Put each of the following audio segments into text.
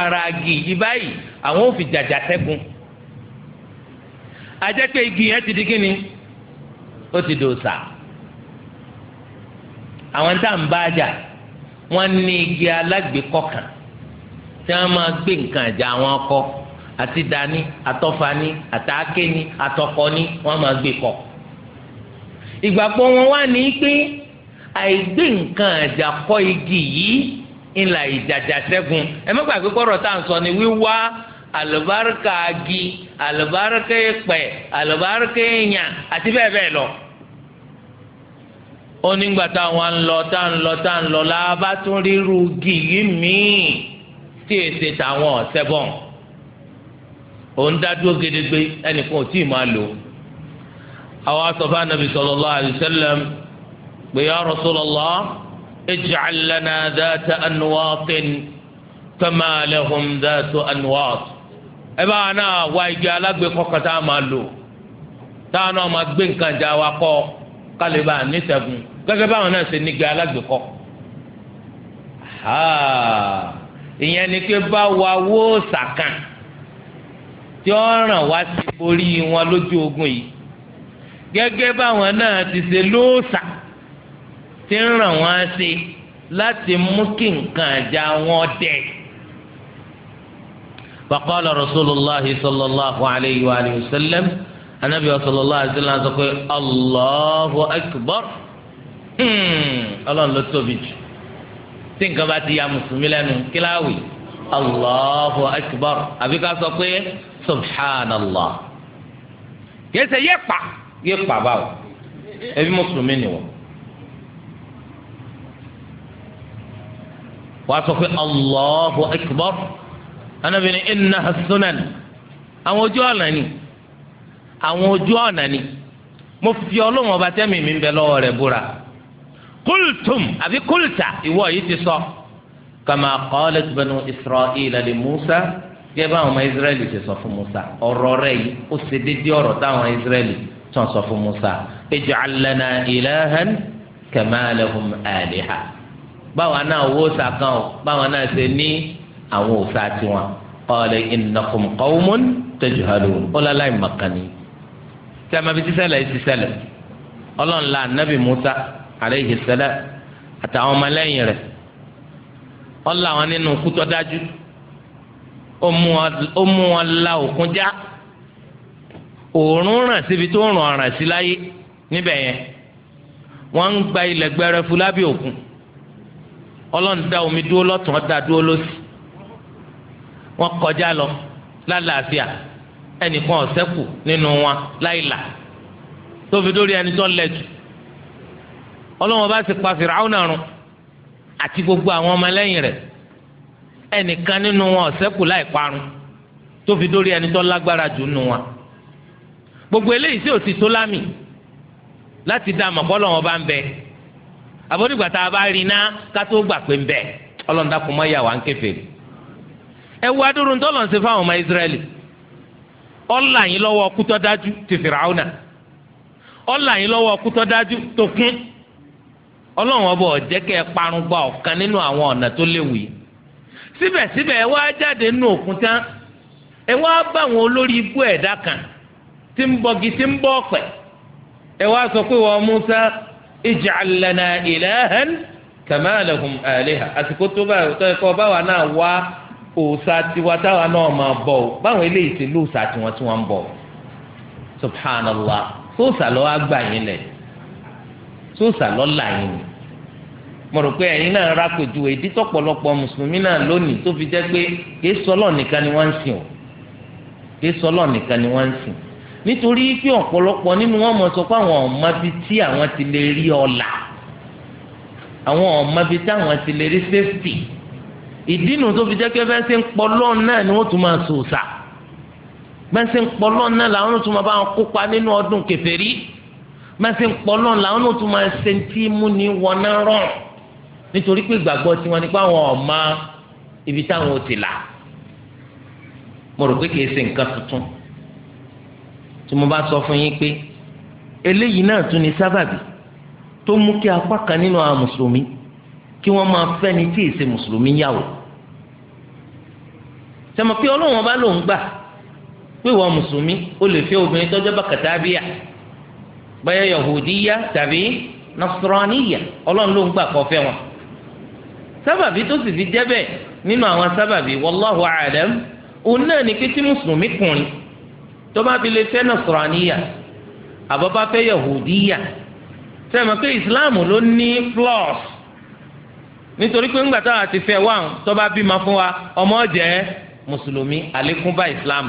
ara igi yìí báyìí àwọn ò fi jàjà sẹ́gun ajẹ́pẹ́ igi yẹn ti di kíni ó ti dòòsà àwọn tá à ń bá jà wọ́n ní igi alágbèékọ̀kan tí wọ́n máa gbé nǹkan àjà àwọn ọkọ àti dání àtọ́fani àtàkéni àtọkọni wọ́n máa gbé kọ́ ìgbàgbọ́ wọn wá ní pé àìgbé nǹkan àjà kọ́ igi yìí ńlá ìjàjà sẹ́gun ẹ má gbàgbé kọ́rọ̀ tá à ń sọ ni wíwá àlùbáríkà agi àlùbáríkà ìpẹ́ àlùbáríkà ìyàn àti bẹ́ẹ̀ bẹ́ẹ̀ lọ. ó nígbà táwọn ń lọ tá ń lọ tá ń lọ lábá tún ríru gìyí míì tí èsè táwọn ọ̀sẹ̀ bọ̀ òun dádúró gedegbe ẹnìkan ò tí ì máa lò. àwọn asọ̀fà nàbì sallallahu alaihi wasallam pé ya Rasulullah. اجعل لنا ذات أنواط كما لهم ذات أنواط ẹ bá náà wá igi alágbèékọ́ kan tá a máa lò tá a náà máa gbé nǹkan jà wá kọ́ kálí bá a níṣẹ́gun gẹ́gẹ́ báwọn náà ṣe ní igi alágbèékọ́. ìyẹn ni pé bá wa wó sàkàn tí ó ràn wá sí borí wọn lójú ogun yìí gẹ́gẹ́ báwọn náà ti ṣe lóòsà tí ń ràn wọ́n ṣe láti mú kí nǹkan àjà wọn dẹ̀. Faqala Rasulullah sallallahu alayhi wa sallam anabi sallallahu alayhi wa sallam sọ pé Allahu akbar hmm, ọlọ́run ló tóbi jù tí nǹkan bá ti ya mùsùlùmí lẹ́nu kíláàwì allahu akbar àbí ká sọ pé subhanallah kìí ṣe yẹ pa yẹ pa báwo ẹbí mùsùlùmí ni wọ́n wàá sọ pé allahu akbar anabini inna sunan àwọn ojú ọ̀nà ni àwọn ojú ọ̀nà ni mo fi ọlọ́run ọba tẹ́mi mi ń bẹ lọ́wọ́ rẹ̀ búra kultum àbí kulta ìwọ yìí ti sọ kama qalat banu isra'ila li musa gẹ́gẹ́ bá àwọn ọmọ israẹli ti sọ fún musa ọ̀rọ̀ rẹ̀ yìí ó ṣe déédéé ọ̀rọ̀ táwọn israẹli tán sọ fún musa ij'al lana ilahan kama lahum aliha báwa náà wó sàkàn o báwa náà ṣe ní àwọn òòṣà tiwọn qala innakum qawmun tajhalun ọlọ́lá ìmọ̀kànnì tí a máa fi sísẹ́lẹ̀ sísẹ́lẹ̀ ọlọ́run la anabi musa aleyhi sẹlẹ̀ àtàwọn ọmọlẹ́yìn rẹ̀ ọlọ́ àwọn nínú kútọ́ dájú ó mú wọn la òkun já òórùn ràn síbi tó ràn ràn sí láyé níbẹ̀ yẹn wọ́n ń gba ilẹ̀ gbẹrẹfu lábẹ́ òkun ọlọ́run dá omi dúró lọ́tún ọ̀dá dúró lọ́sì wọ́n kọjá lọ lálàáfíà ẹnìkan ọ̀sẹ́kù nínú wọn láìlà tó fi dórí ẹni tó lẹ́jù ọlọ́run bá sì pa fìràwọ́n àrùn àti gbogbo àwọn ọmọlẹ́yìn rẹ̀ ẹnìkan nínú wọn ọ̀sẹ́kù láì parun tó dórí ẹni tó lágbára jù nínú wọn gbogbo eléyìí sì ò tó lámì láti dá àmọ̀kọ́ lọ́wọ́ bá ń bẹ́ẹ̀ àbọ̀dìgbà ta a na rí gbà pé ń bẹ ọlọ́run mọ́ ìyàwó à ń kèfèrí. ẹ wo adúrú tó lọ́n ṣe fáwọn ọmọ ọ̀là yín lọ́wọ́ dájú ti Fìràwọ́nà ọ̀là yín lọ́wọ́ kútọ́ dájú tó kún ọlọ́run ọba ọ̀jẹ́ kẹ́ ẹ parun gba ọ̀kan nínú àwọn ọ̀nà tó léwu yìí síbẹ̀síbẹ̀ ẹ wá jáde nínú òkun tán ẹ wá bá àwọn olórí ẹ̀dá kan ń ń ij'al lana ilahan kama lahum aliha àsìkò tó báyìí tó yẹ kó báwa náà wá òòṣà tiwa táwa náà máa bọ̀ ọ́ báwọn eléyìí ti lóòṣà tiwọn tí wọ́n ń bọ̀ subhanallah sóòṣà lọ́wọ́ àgbà yín lẹ̀ sóòṣà lọ́la yín ni mo rò pé ẹ̀yin náà rákòjú èdè tọ̀pọ̀lọpọ̀ mùsùlùmí náà nítorí pé ọ̀pọ̀lọpọ̀ nínú wọn mọ̀ sọ pé àwọn ọ̀mọbi tí àwọn ti lè rí ọ̀la àwọn ọ̀mọbi táwọn ti lè rí safety ìdínú tó fi jẹ́ pé bẹ́ẹ̀ ṣe ń pọlọ́ náà ni wọ́n tún máa sòòsà bẹ́ẹ̀ ṣe ń pọlọ́ náà làwọn tún máa bá wọn kópa nínú ọdún kèfèrí bẹ́ẹ̀ ṣe ń pọlọ́ làwọn tún máa ṣe tí mú ni wọn náà rọ̀ nítorí pé ìgbàgbọ́ tiwọn ni pé àwọn ọ̀ma ibi táwọn ò ti là mo rò pé kìí ṣe nǹkan tuntun tí mo bá sọ fún yín pé eléyìí náà tún ní sábàbí tó mú kí apá kan nínú àwọn mùsùlùmí kí wọ́n máa fẹ́ni tí ì ṣe mùsùlùmí yàwó sẹ́mi pé ọlọ́run ọba ló ń gbà pé ìwọ mùsùlùmí ó lè fẹ́ obìnrin tọ́jọ́ bá kàtàbíyà báyọ̀ yahudiya tàbí nasraniya ọlọ́run ló ń gbà kó fẹ́ wọn sábàbí tó sì fi jẹ́ bẹ́ẹ̀ nínú àwọn sábàbí wallahu a'lam òun náà ni pé tí mùsùlùmí kùnrin tó bá fi lè fẹ́ nasraniya àbọ̀bá fẹ́ yahudiya sẹ́mi pé islam ló ní plus nítorí pé ńgbà táwọn àti fẹ́ wà tó bá bímọ fún wa ọmọ jẹ́ mùsùlùmí àlékún bá islam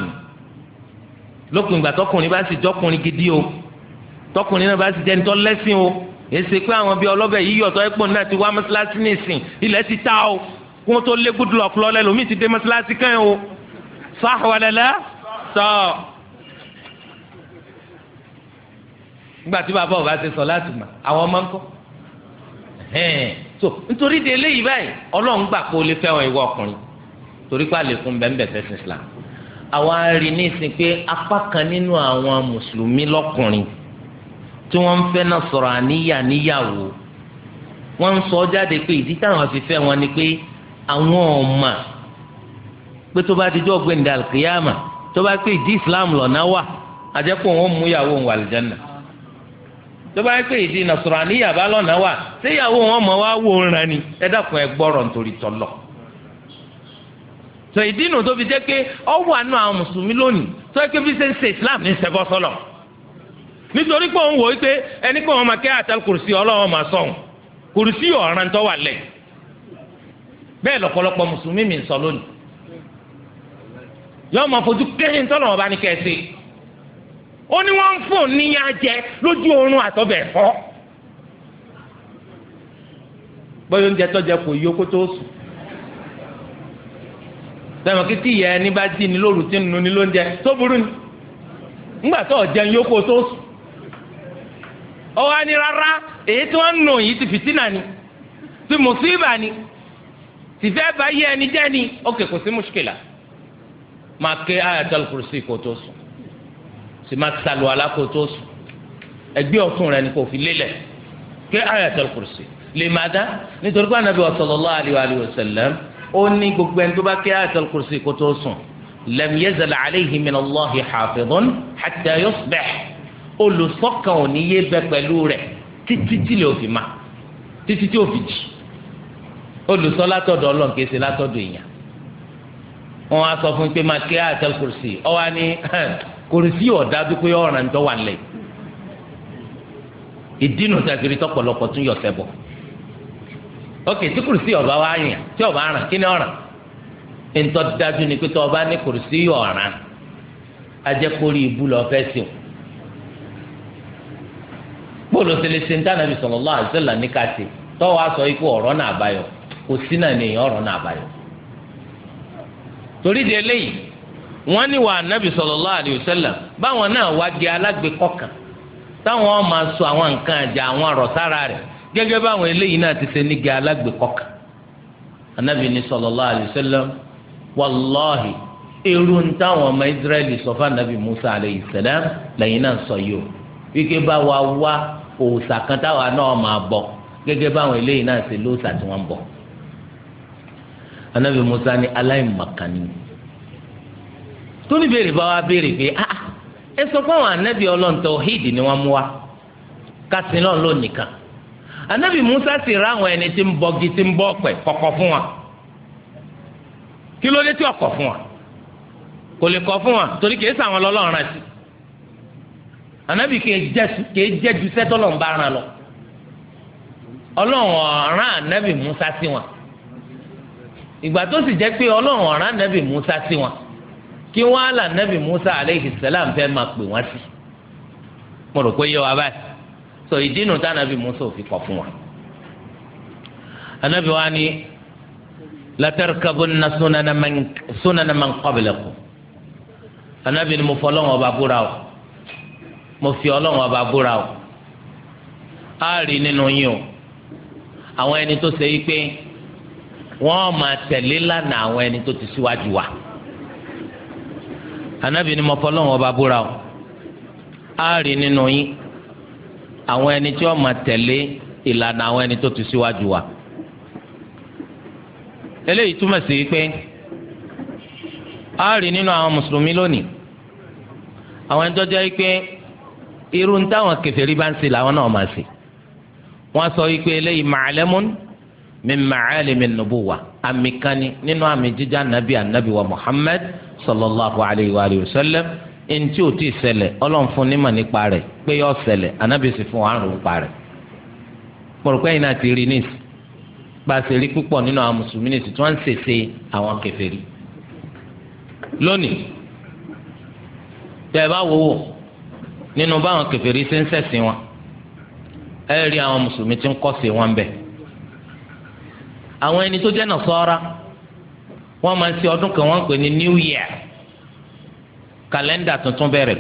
lókun ìgbà tọkùnrin bá sì jọkùnrin gidi o tọkùnrin náà bá sì jẹ́ni tó lẹ́sìn o èsì pé àwọn bíi ọlọ́bẹ̀ yìí yọ̀tọ̀ ẹ̀pọ̀ náà ti wá mọ́sálásí nìsín ilẹ̀ ti ta o kó tó lé good luck lọ ti dé mọ́sálásí kẹ́hìn o sáà wàlẹ́lẹ́ sọ. So, nígbà tí bàbá ò bá ṣe sọ láti mọ̀ àwọn ọmọ ń kọ́ so nítorí de eléyìí báyìí ọlọ́run gbà pé o lè fẹ́ràn ìwọ ọkùnrin torí pé àlékún bẹ́ẹ̀ fẹ́sìn Islam àwọn arí ní ìsìn pé apá kan nínú àwọn mùsùlùmí lọ́kùnrin tí wọ́n ń fẹ́ náà sọ̀rọ̀ àníyà níyàwó wọ́n ń sọ jáde pé ìdí táwọn fi fẹ́ wọn ni pé àwọn ọ̀mà pé tó bá ti jọ́ gbẹ̀ndàlùkìyàmà tó bá pé ìdí Islam lọ́nà wà àjẹpọ̀ wọn mú ìyàwó wọn wà lìjánà tó bá yẹ pé ìdí nasaraniya bá lọ́nà wa séyàwó wọn mọ̀ wá wò ń rani ẹ dákun ẹ gbọ́rọ̀ nítorí tọ́lọ̀ tó ìdí nù tó fi jẹ́ pé ọ wà nù àwọn mùsùlùmí lónìí tó pé ṣe ń ṣe islam ní sẹ́bọ́ sọlọ nítorí pé òun wò ó pé ẹni pé wọn máa kẹ́ kùrùsí ọlọ́wọ́n lónìí ó ní wọ́n fún níyà jẹ lójú oorun àtọ́bẹ̀ ẹ̀fọ́ bóyá oúnjẹ tọ́jà kò yí okó tó sùn sẹ́wọ̀n kí tí ìyá ẹni bá dì ní lóru tí ń ní lóúnjẹ tó burú ni ńgbà tó ọ̀jẹ̀ yókò tó sùn ó wá ní rárá èyí tí wọ́n nù yìí ti fìtínà ni ti mùsíbà ni tìfẹ́ bá yé ẹni jẹ́ ni ó kè máa ké tó sùn sì máa sàlù alákòótó sùn ẹgbẹ́ ọ̀tún rẹ ni kò fi lélẹ̀ ké ayatul kursi lè má dá nítorí pé anabi sallallahu alayhi wa sallam ó ní gbogbo ẹni tó bá ké ayatul kursi kó tó sùn lam yazal alayhi min Allahi hafidhun hatta yusbih olùsọ́kàn ò ní yé bẹ pẹ̀lú rẹ̀ títí tí lè òfin ma títí tí òfin jì olùsọ látọ̀dọ̀ Ọlọ́run kìí látọ̀dọ̀ èèyàn wọn á sọ fún pé máa ké ayatul kursi ọ kò rí sí ọ̀dájú pé ọ̀ràn tó wà nílẹ̀ ìdínú tẹ̀sírí tọ̀pọ̀lọpọ̀ tún yọ̀ sẹ́bọ̀ ok tí ọba wa yàn tí ọba ràn kí ni ọ̀ràn ntọ́ dájú ni pé tí ọba ní ọ̀ràn lọ fẹ́ sí o ṣe ń dáná bí ní káṣí tọ́wọ́ aṣọ ikú ọ̀rọ̀ di eléyìí wọ́n ni wà nábì sallallahu alayhi wa sallam báwọn náà wá di alágbèkọ́ kan táwọn sọ àwọn nǹkan àjà àwọn ọ̀rọ̀ sára rẹ̀ gẹ́gẹ́ báwọn eléyìí náà ti ṣe nígi alágbèkọ́ kan anábì ni sallallahu alayhi wa sallam irú táwọn ọmọ israẹli sọ musa salam lẹ́yìn náà sọ yìí o bá wa wá òòṣà kan táwa náà báwọn eléyìí náà ṣe tí tó ní béèrè bá wa béèrè pé ah, ah ẹ sọ pé àwọn anabi ọlọ́run tawhid ni wọ́n mú wa kásìn lọ́n ló nìkan anabi musa sì rá àwọn ẹni tí ń bọgi tí ń bọ ọ̀pẹ kọ̀kọ̀ fún wa kí ló dé tí ọkọ̀ fún wa kò lè kọ̀ fún wa torí kìí sàwọn lọ́lọ́run rẹ̀ sí anabi kìí jẹ́ ju sẹ́tọ́ lọ́n bá ara lọ ọlọ́run ọ̀ràn anabi musa sí wọn ìgbà tó sì jẹ́ pé ọlọ́run ọ̀ràn anabi musa sí wọn kí wọ́n á là nàbì Musa aleyhi salam fẹ́ máa pè wọ́n sí mo rò pé yé wa báyìí sọ ìdínú tá nàbì Musa ò fi kọ fún wa anabi wa ni latarkabunna sunana man qablakum anabi ni mo fọ ọlọ́wọ́n ọba búra o mo fi ọlọ́wọ́n ọba búra o á rí nínú yín o àwọn ẹni tó ṣe yí pé wọ́n máa tẹ̀lé lánàá àwọn ẹni tó ti síwájú wa anabi ni mo fọlọ́wọ́n ọba búra o á rí nínú yín àwọn ẹni tí wọ́n máa tẹ̀lé ìlànà àwọn ẹni tó ti síwájú wa eléyìí túmọ̀ sí pé á rí nínú àwọn mùsùlùmí lónìí àwọn ẹni tó jẹ́ pé irú ń táwọn kèfèrí bá ń ṣe làwọn náà máa ṣe wọ́n sọ wípé eléyìí ma'alamun min ma'alimi nubuwa àmì kan ni nínú àmì jíjá nàbí ànábì wa Muhammad sallallahu alayhi wa sallam ẹni tí ò tí ì ṣẹlẹ̀ ọlọ́run fún nímọ̀ nípa rẹ̀ pé yọ ṣẹlẹ̀ ànábì sì fún wa rùn pa rẹ̀ pọ̀rọ̀pẹ́ yìí náà ti rí níìsì bá a ṣe rí púpọ̀ nínú àwọn mùsùlùmí níìsì tí wọ́n ń àwọn kèfèrí lónìí tẹ́ ẹ bá wò wò nínú báwọn kèfèrí ṣe ń ṣẹ̀sìn wọn ẹ rí àwọn mùsùlùmí tí ń kọ́ sí wọn bẹ́ẹ̀ àwọn ẹni tó jẹ́ nàṣọ́ra wọ́n máa ń ṣe ọdún kan wọ́n ń pè new year kàlẹ́ndà tuntun bẹ̀rẹ̀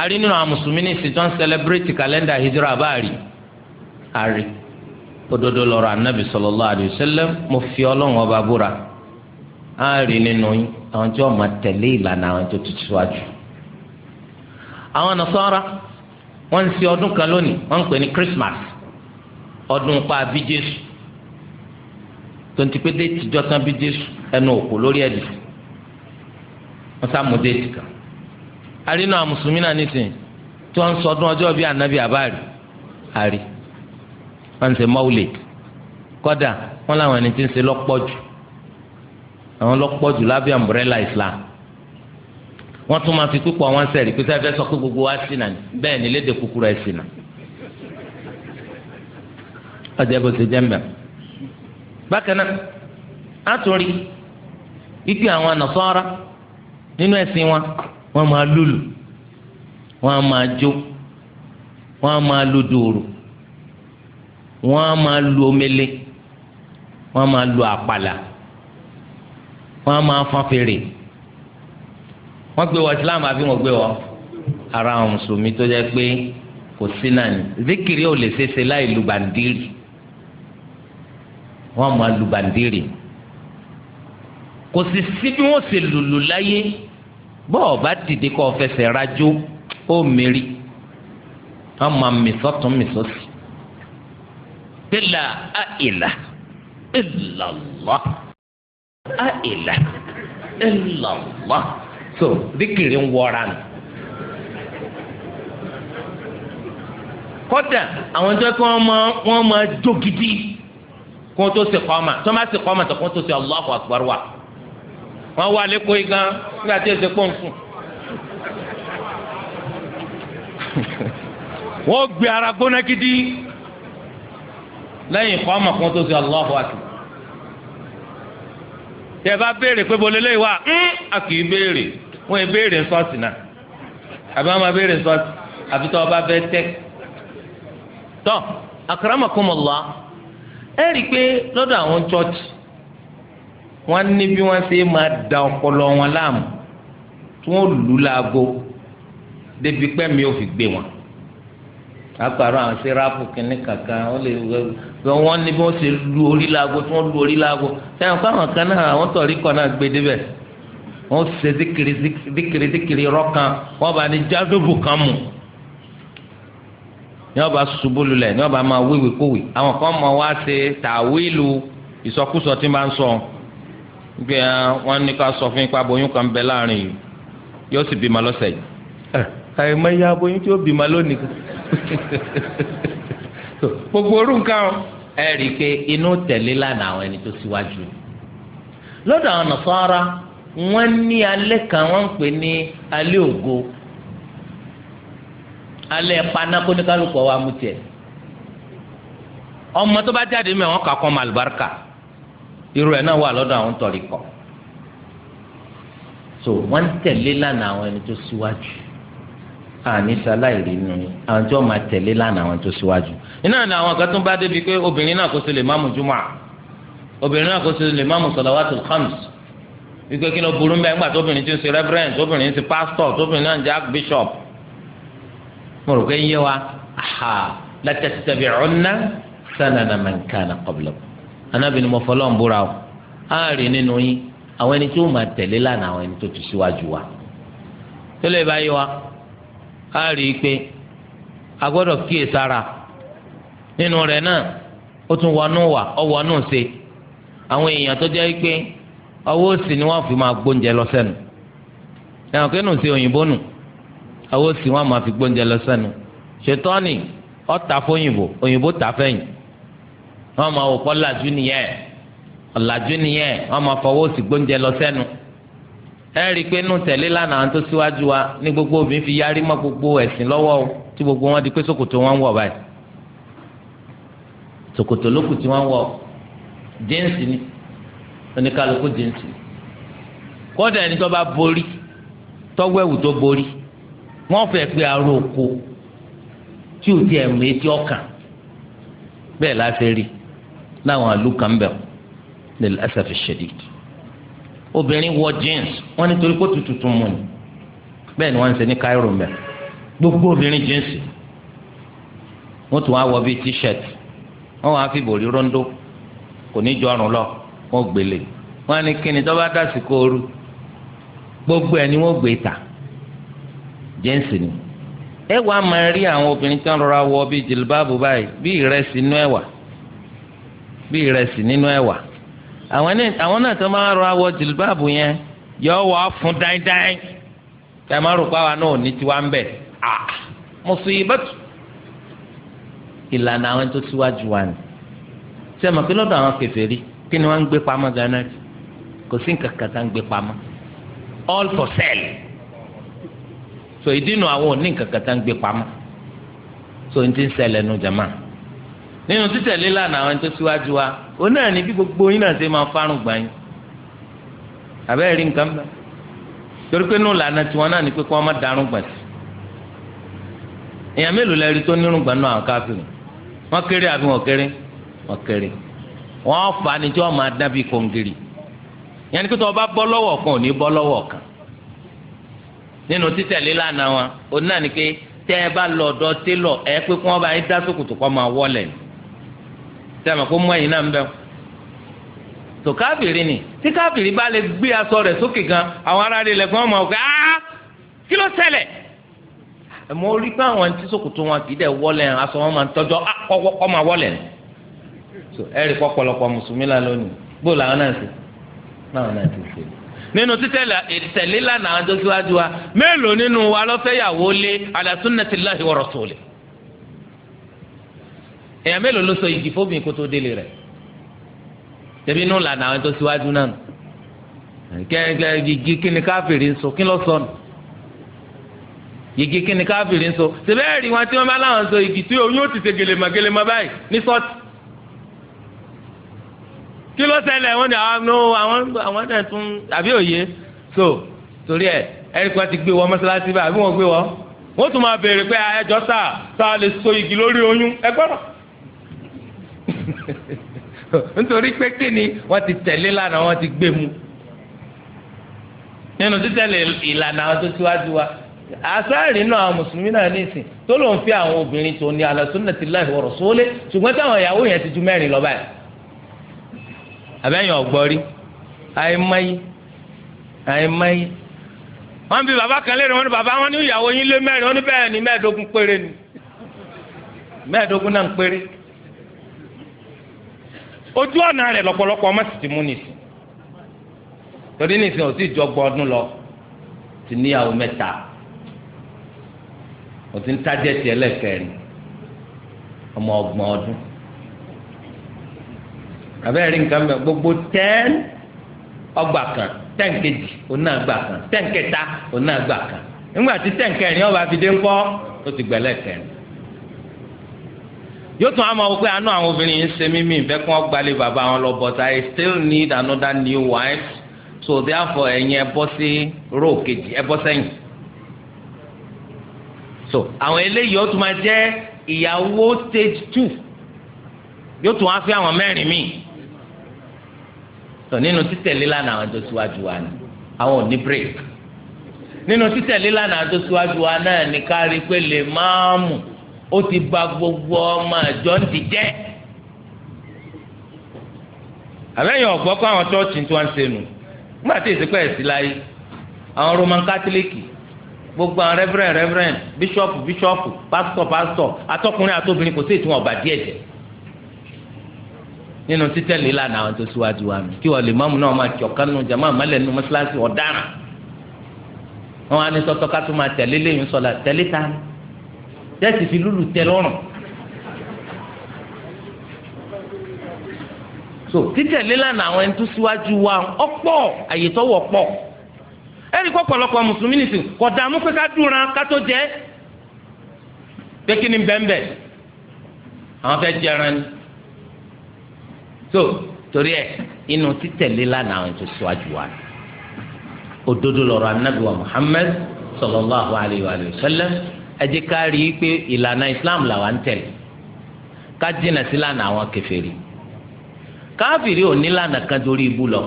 àrí nínú àwọn mùsùlùmí ní ìsìn tó ń celebrate kàlẹ́ndà hijra abáàrí àrí òdodo lọ́rọ̀ anabi sallallahu alayhi wa sallam mo fi ọlọ́run ọba búra nínú àwọn tí tonti pé déètì jọ́tàn bí jésù ẹnu òkú lórí ẹ̀dì wọ́n sá mú déètì kan. arínú àwọn mùsùlùmí náà nìsín tí wọ́n ń sọdún ọjọ́ bíi ànábì àbáàrí àrí wọ́n ń ṣe mọ́wùlẹ̀ kọ́dà wọ́n ẹni tí ń ṣe lọ́pọ̀jù àwọn lọ́pọ̀jù lábẹ́ àmbrẹ́là islam wọ́n tún máa fi pípọ̀ wọn sẹ̀rí pé sẹ́fẹ́ sọ pé gbogbo wa sí nà bẹ́ẹ̀ ni léde kúkúrú ẹ̀ sí nà ọjọ́ bó ṣe jẹ́ mbẹ́mọ́ bákan náà a tún rí ipe àwọn Nasara nínú ẹ̀sìn wọn wọ́n máa lùlù wọ́n máa jó wọ́n máa lu dùrù wọ́n máa lu omele wọ́n máa lu àpàlà wọ́n máa fọn fèrè wọ́n gbé wọ Islam àbí wọ́n gbé wọ ara àwọn mùsùlùmí tó jẹ́ pé kò sí náà ní zikiri ò lè ṣeéṣe láì lu bàndírì wọ́n máa lu bàndírì kò sì sí bí wọ́n ṣe lùlù láyé bọ́ọ̀ bá dìde kọ́ fẹsẹ̀ rájò ó mérí wọ́n máa mìsọ́tún mìsọ́sì tẹ́lá àìlà ìlàlá àìlà ìlàlá so díkìrì ń wọra nù. kódà àwọn tó kí wọ́n máa wọ́n máa jó kó tó se kọ́mà tó má sì kọ́mà tó kó tó sì Allahu Akbar wa wọ́n wá lẹ́kọ̀ọ́ yìí gan nígbà tí èsè pọ̀ ń sùn. gbé ara gbóná gidi lẹ́yìn kọ́mà kó tó Allahu Akbar. tẹ bá béèrè pé a kì í béèrè béèrè náà àbí máa béèrè ọba ẹ rí i pé lọ́dọ̀ àwọn chọ́ọ̀chì wọ́n ní bí wọ́n ṣe máa da ọpọlọ wọn láàmú tí wọ́n lù ú láago débi pẹ́mi ò fi gbé wọn akpàrọ̀ àwọn sẹ́ráfù kìnnì kankan wọ́n lè wọ́n ní bí wọ́n ṣe lu orí láago tí wọ́n lu orí láago sẹ́yìn kọ́ àwọn kan náà àwọn tọ̀rí kan náà gbé débẹ̀ wọ́n ṣe díkiri díkiri díkiri rọ́kan wọ́n bá ní jádóbù kan mú ní ọba ṣubú lulẹ̀ ní ọba máa wíwì kówì àwọn kan mọ wá ṣe tàwílù ìsọkúsọ tí máa ń sọ gbé ah, wọn ní ká sọ fún ipa boyún kan bẹ láàrin yìí yóò sì bímọ lọ́sẹ̀ yìí eh, àìmọ ya boyún tí ó bímọ lónìí gbogbo orú nǹkan ẹ rí i pé inú tẹ̀lé lánàá àwọn ẹni tó síwájú lọ́dọ̀ àwọn Nasara wọ́n ní alẹ́ kan wọ́n ń pè ní alẹ́ ògo alẹ́ paná kó ní kálukọ̀ wa mú tiẹ̀ ọmọ tó bá jáde mẹ́ wọn kà kọ́ ọmọ irú ẹ̀ náà wà lọ́dọ̀ àwọn tọ̀rí kọ́ so wọ́n ń tẹ̀lé lánàá àwọn ẹni tó síwájú àní sáláì rí nu àwọn tí wọ́n máa tẹ̀lé lánàá àwọn tó síwájú iná ni àwọn kan tó bá débi pé obìnrin náà kò sí lè má mú jùmọ̀ obìnrin náà kò sí lè má mú sọ̀làwátù khams wípé kí ló burú mbẹ́ ńgbà tóbìnrin ti ń ṣe rẹ́fẹ́rẹ́ǹtì tóbìnrin ti pásítọ̀ tóbìnrin náà ń jẹ́ archbishop mo rò pé wa aha latẹsitẹbiẹrọnna sanana mankana kọbulọ ni mo o a rí nínú yín àwọn ẹni tí ó máa tẹ̀lé lánàá àwọn ẹni tó ti wa bá wa a rí i pé a gbọ́dọ̀ kíyè náà ó tún wọnú wà àwọn èèyàn tó jẹ́ ni wọ́n fi máa gbóúnjẹ Awo òsì wọn máa fi gbóúnjẹ lọ sẹ́nu ṣètọ́ni ọ̀tà fóyìnbó òyìnbó tà fẹ́yìn wọn máa wò kọ́lájú nìyẹn ọ̀làjú nìyẹn wọn máa fọwọ́ òsì gbóúnjẹ lọ sẹ́nu ẹ rí i pé nù tẹ̀lé lánàá tó síwájú wa ní gbogbo obìnrin fi yarí mọ́ gbogbo ẹ̀sìn lọ́wọ́ o tí gbogbo wọn di pé ṣòkòtò wọn wọ̀ báyìí ṣòkòtò lókù tí wọn ń jíǹsì ni oníkàlùkù jíǹsì kódà ẹni tó bá borí tọ́wọ́ ẹ̀wù tó borí wọ́n fẹ́ pé aró oko tí ò tiẹ̀ mú etí ọkàn bẹ́ẹ̀ láfẹ́ rí láwọn àlù kan bẹ̀ ní ẹsẹ̀fì ṣẹ̀díd obìnrin wọ jeans wọ́n nítorí kó tutù tún mú ni bẹ́ẹ̀ ni wọ́n ṣe ní Cairo mẹ́ gbogbo obìnrin jeans wọ́n tún wá wọ bíi t-shirt wọ́n wá fi bòrí rọ́ńdó kò ní jọ ọrùn lọ wọ́n gbélé wọ́n á ní kíni tó bá dásìkò ooru gbogbo ẹ̀ ni wọ́n gbé ta jẹ́ǹsì ni ẹ wàá máa rí àwọn obìnrin tí wọ́n rọra wọ bíi jìlbáàbù báyìí bíi ìrẹsì nínú ẹ̀wà bíi ìrẹsì nínú ẹ̀wà àwọn náà tó máa rọra wọ jìlbáàbù yẹn yọ wọ́ fún dáindáin ẹ má rò pé àwa náà ò ní tiwa ń bẹ̀ ah musibatu ìlànà àwọn tó síwájú wa ni ṣé mọ̀ pé lọ́dọ̀ àwọn kèfèrí kí ni wọ́n ń gbé pamọ́ ganan kò sí nǹkan kan tá ń gbé pamọ́ all for sale so ìdínà àwọn òní kankan tá ń gbé pamọ́ so n ti ń ṣẹlẹ̀ nu jama nínú títẹ̀lé lánàá àwọn tó síwájú wa òun náà ní bí gbogbo yín náà ṣe máa fárùn gbà yín àbẹ́rẹ́ rí nǹkan bẹ́ẹ̀ torí pé nù lànà tiwọn náà ní pé kí wọ́n má darún gbà sí èèyàn mélòó lẹ́rìí tó nírun gbà náà àwọn káfíìn wọ́n kéré àbí wọ́n kéré wọ́n kéré wọ́n fà á ní tí wọ́n máa dábì kòǹgìrì yẹn ni pé tó o bá bọ́ lọ́wọ́ kan ò ní bọ́ lọ́wọ́ kan nínú títẹ̀lé lànà wọn òun náà ni pé tẹ́ ẹ bá lọ ọ̀dọ̀ télọ̀ ẹ pé kí wọ́n bá yín dá sókòtò kọ́ máa wọ́lẹ̀ tẹ́ mọ̀ kó mú ẹ̀yìn náà ń bẹ́ tó káfìrí ni tí káfìrí bá lè gbé aṣọ rẹ̀ sókè gan àwọn ará rẹ̀ lẹ̀ fún ọmọ ọ̀gá kí ló ṣẹlẹ̀ ẹ̀mọ́ orí pé àwọn tí sókòtò wọn kì í dẹ̀ wọ́lẹ̀ aṣọ wọn máa ń tọ́jọ́ kọ́ máa wọ́lẹ̀ ẹ̀rí pọ̀pọ̀lọpọ̀ mùsùlùmí nínú títẹ̀lé lánàá àwọn tó síwájú wa mélòó nínú wa lọ́fẹ̀yàwó lé ala sunnatillahi wa rasulih èèyàn mélòó ló sọ ìdí fóbìn kó tó délé rẹ̀ tẹ̀bí inú lánàá àwọn tó síwájú náà kẹ́kẹ́ yìí kí ni káfíìrì ń sọ kí ló sọ nù yìí kí ni káfíìrì ń sọ tẹ̀bẹ́ẹ̀rì wọn tí wọ́n bá láwọn sọ ìdí tí ti ṣe gèlèmọ̀gèlèmọ̀ kí ló ṣẹlẹ̀ wọ́n ní ah, àwọn àwọn náà tún àbí òye so torí ẹ ẹ̀ríkì wọn ti gbé wọn mọ́sálásí báyìí àbí wọn gbé wọn wọ́n tún máa béèrè pé ah, ẹjọ́ sà tá a lè so igi lórí oyún ẹ gbọ́dọ̀ nítorí pé kí ni wọ́n ti tẹ̀lé lánàá wọ́n ti gbé mu nínú títẹ̀lé ìlànà àwọn tó síwájú wa asáàrì náà àwọn mùsùlùmí náà nísìn tó ló ń fi àwọn obìnrin tó ní ala sunnatillahi wa rasuli ṣùgbọ́n táwọn ìyàwó yẹn ti ju mẹ́rin lọ báyìí àbẹ́yìn ọ̀gbọ́rí àìmọye àìmọye wọ́n bí bàbá kan léèrè wọ́n ní bàbá wọn ní ìyàwó yín lé mẹ́rin wọ́n ní bẹ́ẹ̀ ni mẹ́ẹ̀ẹ́dógún péré ni mẹ́ẹ̀ẹ́dógún náà ń péré ojú ọ̀nà rẹ̀ lọ́pọ̀lọpọ̀ ọmọ sì ti mú nìsín torí nìsín lọ ti níyàwó mẹ́ta ò ti ń tájẹ́ tiẹ̀ lẹ́kẹ̀ẹ́ ni àbẹ́rẹ́ nǹkan mẹ́ gbogbo ten ọgbà kan ten kejì oná gbà kan ten kẹta oná gbà kan nígbà tí ten kẹrin ọba fi dé ńkọ́ ó ti gbẹ̀lẹ́ kẹrin yóò tún àmọ́ wípé àánú àwọn obìnrin yìí ń ṣe mímì bẹ́ẹ̀ kí wọ́n gbalẹ̀ bàbá wọn lọ but I still need another new wife so therefore ẹ̀yin ẹ bọ́ sí ró kejì ẹ bọ́ sẹ́yìn so àwọn eléyìí ó tún máa jẹ́ ìyàwó stage two yóò tún wá fi àwọn mẹ́rin míì tọ nínú títẹ̀lé lánàá àwọn tó síwájú wa ni àwọn ò ní break nínú títẹ̀lé lánàá tó síwájú wa náà ní kárí pé lè máa mú ó ti bà gbogbo ọmọ àjọ ń ti jẹ́ àbẹ́yẹn ọ̀gbọ́ kó àwọn chọ́ọ̀chì tí wọ́n ń senu nígbà tí ìsìnkú ẹ̀ sí láyé àwọn roman kátólíìkì gbogbo àwọn rẹ́fúrẹ́n rẹ́fúrẹ́n bíṣọ́ọ̀pù bíṣọ́ọ̀pù pásítọ̀ pásítọ̀ atọ́kùnrin àtobìnrin kò sí ìtumọ̀ ọ̀bà díẹ̀ nínú títẹ̀lé lànà àwọn tó síwájú wa mi kí wọ́n lè mọ́mú náà máa tíọ̀ kánú jama mọ́lẹ̀ nínú mọ́ṣáláṣí ọ̀daràn wọn á ní sọ́tọ́ ká tó máa tẹ̀lé léyìn sọ́la tẹ̀lé ta ni jẹ́sì fi lùlù tẹ lọ́rùn. so títẹ̀lé lànà àwọn ẹni tó síwájú wa ọ̀pọ̀ àyè tọ́wọ̀ pọ̀ ẹ̀rí kọ́ pọ̀lọpọ̀ mùsùlùmí nìsín kò dààmú pé ká dúnra ká tó jẹ́ so torí ẹ inú títẹ̀lé lánàá àwọn ètò síwájú wa òdodo lọ̀rọ̀ anabi wa muhammed sallallahu alayhi wa sallam ẹ ká rí i pé ìlànà islam làwa ń tẹ̀lé ká jìnnà sí lánàá àwọn kèfèrí káfìrí ò ní lánàá kan torí ibú lọ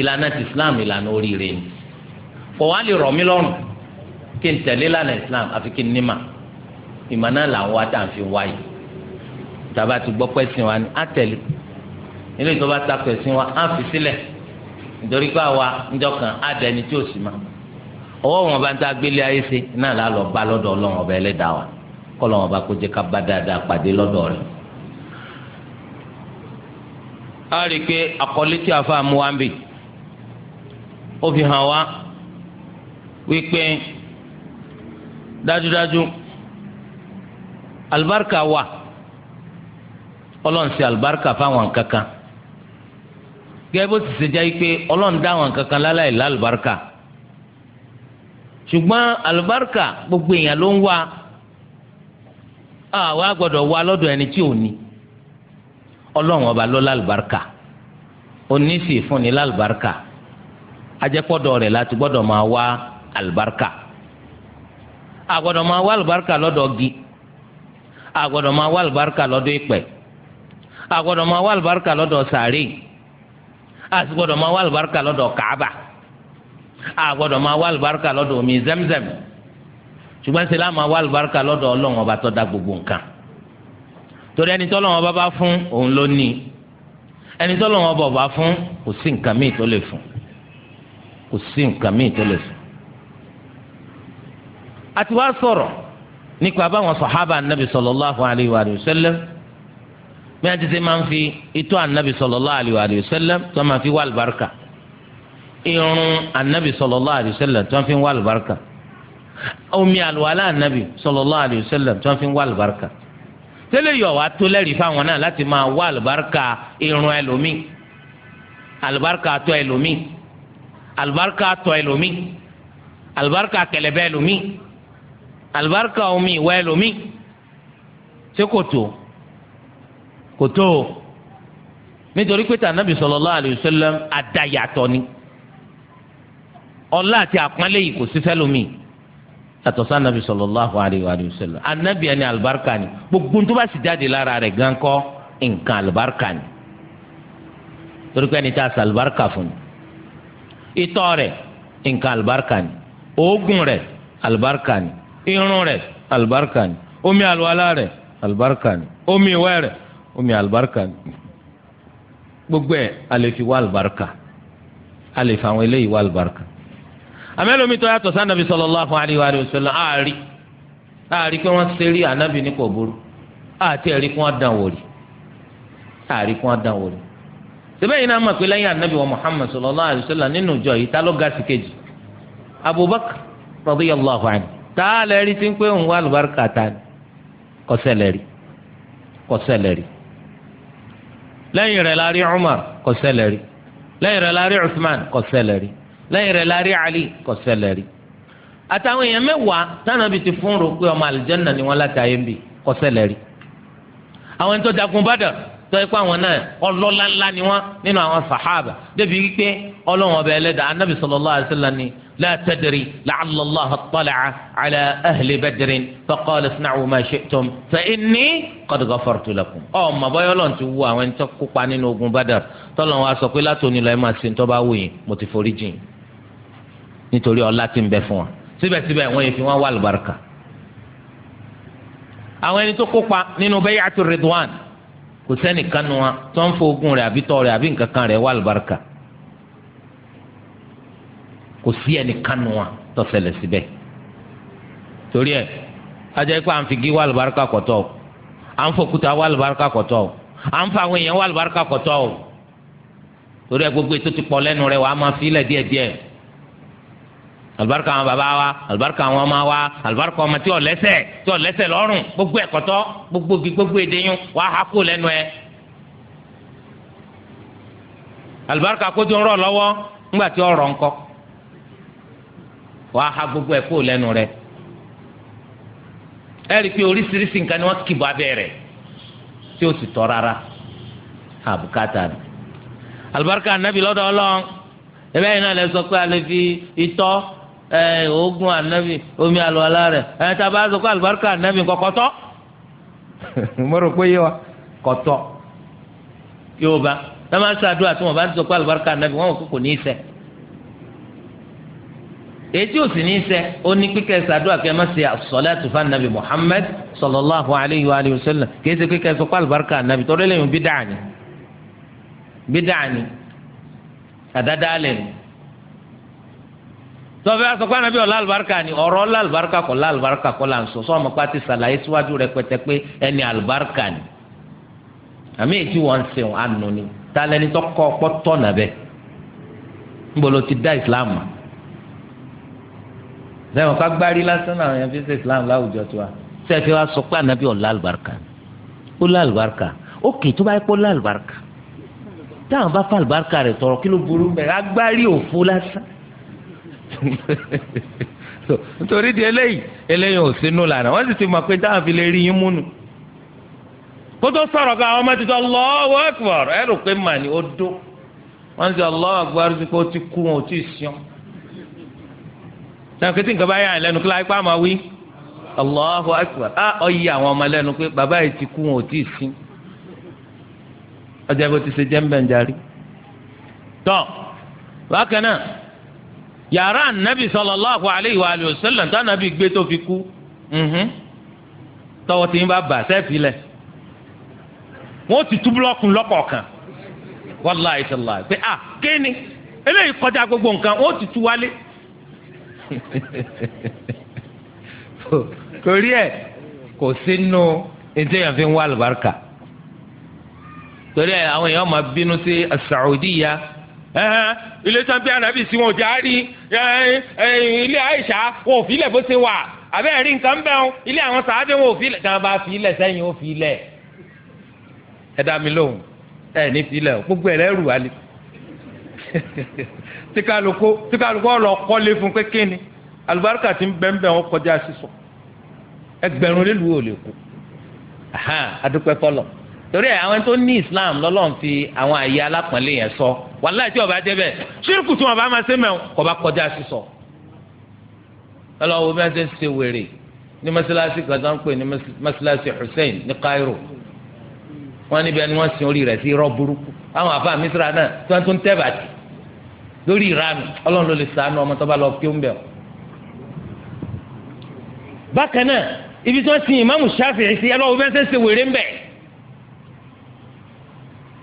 ìlànà ti islam ìlànà oríire ni kò wá lè rọ̀ mí lọ́rùn kí n tẹ̀lé lánàá islam àfi kí n ní mà ìmọ̀ náà làwọn wá tá à ń fi wáyé tàbá ti gbọ́ pẹ́sìn wa ni á tẹ̀lé ilé ìjọba ta pẹ̀sìn wa á fi sílẹ̀ nítorí pé àwa níjọ́ á dẹni tí ò sì ma ọwọ́ wọn bá ń ta gbélé ayé ṣe náà là lọ bá lọ́dọ̀ ọba ẹlẹ́dàá a wà. ọlọ́run ṣe àlùbáríkà fáwọn nǹkan kan gẹ́gẹ́ bó ti ṣe jẹ́ pé ọlọ́run dá àwọn nǹkan kan láláì lálùbáríkà ṣùgbọ́n àlùbáríkà gbogbo èèyàn ló ń wá àwa gbọ́dọ̀ wá lọ́dọ̀ ẹni tí ò ní ọlọ́run ọba ló lálùbáríkà òní sì fún ni lálùbáríkà ajẹ́pọ̀dọ̀ rẹ̀ láti gbọ́dọ̀ máa wá àlùbáríkà àgbọ́dọ̀ máa wá àlùbáríkà lọ́dọ̀ gi àgbọ́dọ̀ máa wá àlùbáríkà lọ́dọ̀ ìpẹ́ àgbọ̀dọ̀ máa wá àlùbáríkà lọ́dọ̀ sàárè àgbọ̀dọ̀ máa wá àlùbáríkà lọ́dọ̀ kàábà àgbọ̀dọ̀ máa wá àlùbáríkà lọ́dọ̀ omi zẹ́mzẹ́m ṣùgbọ́n ṣe láà máa wá àlùbáríkà lọ́dọ̀ ọlọ́run ọba tó dá gbogbo nǹkan torí ẹni tọ́lọ́run ọba bá fún òun ló ní ẹni tọ́lọ́run ọba ọba fún kò sí nǹkan míì tó lè fún kò sí nǹkan míì tó lè fún. àti wá sọ̀rọ̀ nípa báwọn sàhábà nàbì sallallahu alayhi wa sallam bí wọ́n ti ṣe máa ń fi itọ́ anabi sallallahu alaihi wa sallam tó máa fi wá àlùbáríkà irun anabi sallallahu alaihi wa sallam tó máa fi wá àlùbáríkà omi àlùwàlá anabi sallallahu alaihi wa sallam tó máa fi wá àlùbáríkà tẹ́lẹ̀ yọ̀ wá tó lẹ́rìí fáwọn náà láti máa wá àlùbáríkà irun ẹlòmíì àlùbáríkà tọ́ ẹlòmíì àlùbáríkà tọ́ ẹlòmíì àlùbáríkà kẹlẹ̀bẹ̀ ẹlòmíì àlùbáríkà omi ìwẹ̀ ẹlòmíì ṣé kò tó kò tó o nítorí pé tànàbì sallallahu alayhi wa sallam àdáyàtọ̀ ni ọlá àti àpọ́nlé yìí kò sí fẹ́lómi yàtọ̀ sí ànàbì sallallahu alayhi wa sallam ànàbì ẹni àlùbáríkà ni gbogbo tó bá sì jáde lára rẹ̀ gan kọ́ nǹkan àlùbáríkà ni torí pé ẹni tá a sà àlùbáríkà fún ni itọ́ nǹkan àlùbáríkà ni oògùn rẹ̀ àlùbáríkà ni irun rẹ̀ àlùbáríkà ni omi àlùwalá rẹ̀ àlùbáríkà ni omi ìwẹ̀ rẹ̀ omi àlùbáríkà gbogbo ẹ̀ alẹ́ fi wá àlùbáríkà alẹ́ fi àwọn eléyìí wá àlùbáríkà amẹ́lómi tó yàtọ̀ sí anabi sallallahu alayhi wa sallam àárí àárí pé wọ́n ṣe rí anabi ní kò àti ẹ̀rí kí wọ́n dàn wò rí àárí kí wọ́n dàn wò rí sẹ́bẹ̀ náà mọ̀ pé anabi wa muhammad sallallahu alayhi wa sallam nínú ìjọ yìí tá ló ga sí kejì abubakar radiyallahu anhu tá a lẹ́rí tí ń pé òun wà lùbáríkà tá a kọ́ lẹ́yìn rẹ̀ la rí Umar kò ṣẹlẹ̀ rí lẹ́yìn rẹ̀ la rí Uthman kò ṣẹlẹ̀ rí lẹ́yìn rẹ̀ la rí Ali kò ṣẹlẹ̀ rí àtàwọn èèyàn mẹ́wàá tánàbí ti fún ro pé ọmọ àlìjẹ́nà ni wọ́n láti ayé ń bì kò ṣẹlẹ̀ rí àwọn ẹni tó jagun Badr tọ́ ipá wọn náà ọlọ́lá ńlá ni wọ́n nínú àwọn sàhábà débi wípé ọlọ́wọ́n ọba ẹlẹ́dàá anábì sallallahu alaihi ni لا تدري لعل الله اطلع على أهل بدر فقال اصنعوا ما شئتم فإني قد غفرت لكم أو ما بيولون توا وين تقوق عن نوغم بدر طلعوا واسقوا لا توني لما سنتبا وين متفوريجين nítorí ọlá tí ń bẹ fún wa síbẹ̀síbẹ̀ wọ́n yìí fi wọ́n wà lùbáríkà. àwọn ẹni tó kópa nínú bay'atu ridwan kò sẹ́nìkan nu wa tó ń fọ ogun rẹ̀ àbí tọ́ rẹ̀ àbí nǹkan kan rẹ̀ wà lùbáríkà kò sí ẹnìkan nù wọn tó ṣẹlẹ̀ síbẹ̀ torí ẹ̀ ajẹ́ pé à ń fi gí wà lùbáríkà kọ̀tọ́ o à ń fòkúta wà lùbáríkà kọ̀tọ́ o à ń fa àwọn èèyàn wà lùbáríkà kọ̀tọ́ o torí ẹ̀ gbogbo ètò ti pọ̀ lẹ́nu rẹ̀ wàá máa filẹ̀ díẹ̀díẹ̀ àlùbáríkà àwọn bàbá wa àlùbáríkà àwọn ọmọ wa àlùbáríkà ọmọ tí ò lẹ́sẹ̀ tí ò lẹ́sẹ̀ lọ́rùn gbogbo ẹ̀kọ́tọ́ gbogbo bi gbogbo èdèyún wàá ha kó lẹ́nu ẹ̀ àlùbáríkà kójú ń rọ̀ lọ́wọ́ ńgbà tí ọ̀rọ̀ ńkọ́ wàá ha gbogbo ẹ̀ kó lẹ́nu rẹ̀ ẹ rí i pé oríṣiríṣi nǹkan ni wọ́n kì bọ́ abẹ́ rẹ̀ tí ó sì tọ́ rárá àbùkátà ni. àlùbáríkà ànábì lọ́dọ̀ ọlọ́run ẹ̀bẹ́ yìí náà lè sọ pé a lè fi itọ́ oògùn ànábì omi àlùwàlá rẹ̀ ẹ̀ tá a bá sọ pé àlùbáríkà ànábì kọ̀kọ́ tọ́ mo rò pé yé wa kọ̀tọ́ yóò bá ẹ máa ń ṣàdúrà tí wọ́n bá ń sọ pé àlùbáríkà ànábì wọ́n kò ní í sẹ́ẹ̀ èyí ò sì ní sẹ ó ní pípẹ́ sàdúrà kẹ́ má ṣe nabi Muhammad sallallahu alayhi wa alayhi wa sallam kì í ṣe pípẹ́ sọ pàlù barika nàbì tọ́lẹ́ lẹ́yìn bídà ni bídà ni àdáda lẹ̀ ni tọ́fẹ́ ọla ànábì ọ̀la àlùbáríkà ni ọ̀rọ̀ àlùbáríkà kọ̀ àlùbáríkà kọ̀ sàlàyé síwájú rẹ pé ẹni àlùbáríkà ni àmì ètí wọn sẹ́wọ̀n ká gbárí lásán náà yẹn fi ṣe islam láwùjọ tiwa. sẹ́ẹ̀fì wa sọ pé ànábì ọ̀la àlùbáríkà ó lá àlùbáríkà ó kì í tó bá yẹ kó lá àlùbáríkà táwọn bá fa àlùbáríkà rẹ̀ tọrọ kí ló burú bẹ́ẹ̀ agbárí òfo lásán. nítorí di eléyìí eléyìí ò sínú lànà wọ́n sì ti mọ̀ pé táwọn fi lè rí yín múnu. kó tó sọ̀rọ̀ ká àwọn ọmọ ti sọ Allahu Akbar ẹ pé màní ó dó wọ́n ti sọ Allahu náà nǹkan bá yà án kí láyé wí Allahu akbar á ọyẹ àwọn ọmọ lẹ́nu pé bàbá yìí ti kú wọn ò tí ì ọjà bó ti ṣe jẹ́ ń bẹ̀ ń darí. tọ́ bákan náà yàrá alayhi wa alihi wa sallam tánàbì gbé tó fi kú mhm. tọwọ́ tí ń bá bà sẹ́ẹ̀fì lẹ̀ wọ́n ti tú búlọ́ọ̀kù lọ́kọ̀ọ̀kan wallahi tallahi pé a kéènì eléyìí kọjá gbogbo nǹkan torí ẹ kò sínú ètò yẹn fi ń wá àlùbáríkà torí ẹ àwọn èèyàn máa bínú sí Saudiya ilé sanbi anabi sí wọn ò járí ilé Aisha wọn ò fi bó ṣe wà abẹ́ ẹ̀rí nǹkan bẹ́ẹ̀ o ilé àwọn sàádé wọn ò fi ilẹ̀ tàn bá fi ilẹ̀ sẹ́yìn ó fi ilẹ̀ ẹ dá mi lóhùn ẹ ní fi o gbogbo ẹ̀rẹ́ rù wá tí kálukú tí kálukú ọ̀lọ́ kọ́lé fún kékeré ni alùbáríkà ti ń bẹ́ẹ̀nbẹ́ẹ̀ wọn kọjá sísọ ẹgbẹ̀rún lélu ò lè kú adúpẹ́ fọlọ̀ àwọn tó ní Islam lọ́lọ́run fi àwọn àyè alápọ̀nlé yẹn sọ wàláì tí ọba jẹ́ bẹ́ẹ̀ ṣírkù tí wọn bá máa ṣe mẹ́wọ́n kọ́ bá kọjá sísọ ọlọ́wọ́ bí wọ́n ṣe ń ṣe ní mọ́ṣáláṣí kan ní mọ́ṣáláṣí Hussein ní Cairo wọ́n níbẹ̀ ni wọ́n sin orí rẹ̀ sí irọ́ burúkú àwọn àfa Misra náà tí wọ́n tún tẹ́ bàtì lórí ìranù ọlọ́run ló lè sànù ọmọ tó bá lọ kí ó ń bẹ̀ ọ́. bákan náà ibi tí wọ́n sin ìmáàmù Ṣáfi'í sí ẹlọ́wọ́ bẹ́ẹ̀ ṣe ṣe wèrè ń bẹ̀